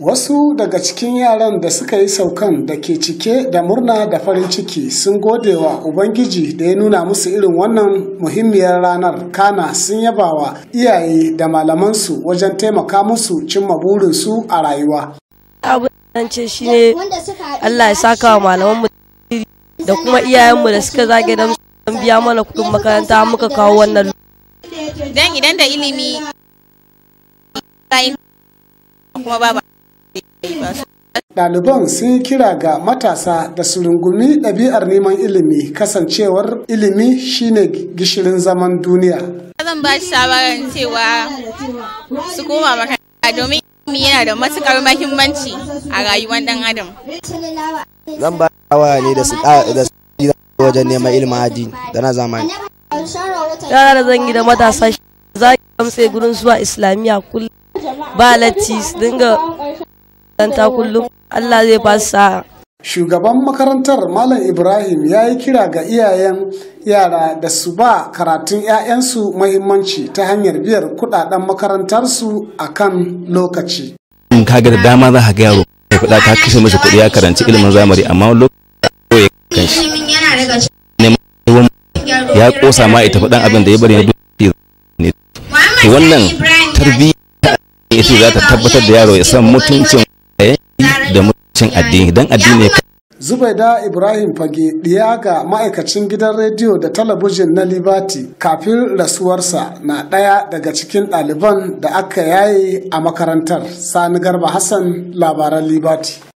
Wasu daga cikin yaran da suka yi saukan da ke cike da murna da farin ciki sun gode wa Ubangiji da ya nuna musu irin wannan muhimmiyar ranar kana sun yaba wa iyaye da malamansu wajen taimaka musu cimma burinsu a rayuwa. Abin ce shi ne Allah ya saka wa malamanmu da kuma iyayenmu da suka zage don biya mana kuɗin makaranta muka kawo wannan. Dan idan da ilimi kuma baba. Ɗaliban sun yi kira ga matasa da su rungumi ɗabi'ar neman ilimi kasancewar ilimi shine gishirin zaman duniya. Zan ba shi shawarar cewa su koma makaranta domin ilimi yana da matuƙar mahimmanci a rayuwar ɗan adam. Zan ba shawara ne da su wajen neman ilimin addini da na zamani. Yara da zan yi da matasa za ki amsa gurin zuwa islamiyya kullum ba latti su dinga makaranta kullum Allah zai ba Shugaban makarantar Malam Ibrahim ya yi kira ga iyayen yara da su ba karatun 'ya'yansu mahimmanci ta hanyar biyar kudaden makarantarsu a kan lokaci. In kaga da dama za ka ga yaro ya kuɗa ka kashe masa kuɗi ya karanci ilimin zamani amma lokacin ya kan shi. Ya kosa ma ita faɗan abin da ya bari na duniya ne. wannan tarbiyya ita za ta tabbatar da yaro ya san mutuncin da mutuncin addini don addini Zubaida Ibrahim Fage ɗiya ga ma'aikacin gidan rediyo da talabijin na Liberty kafin rasuwarsa na ɗaya daga cikin ɗaliban da aka yaye a makarantar. Sani Garba Hassan labaran Libati.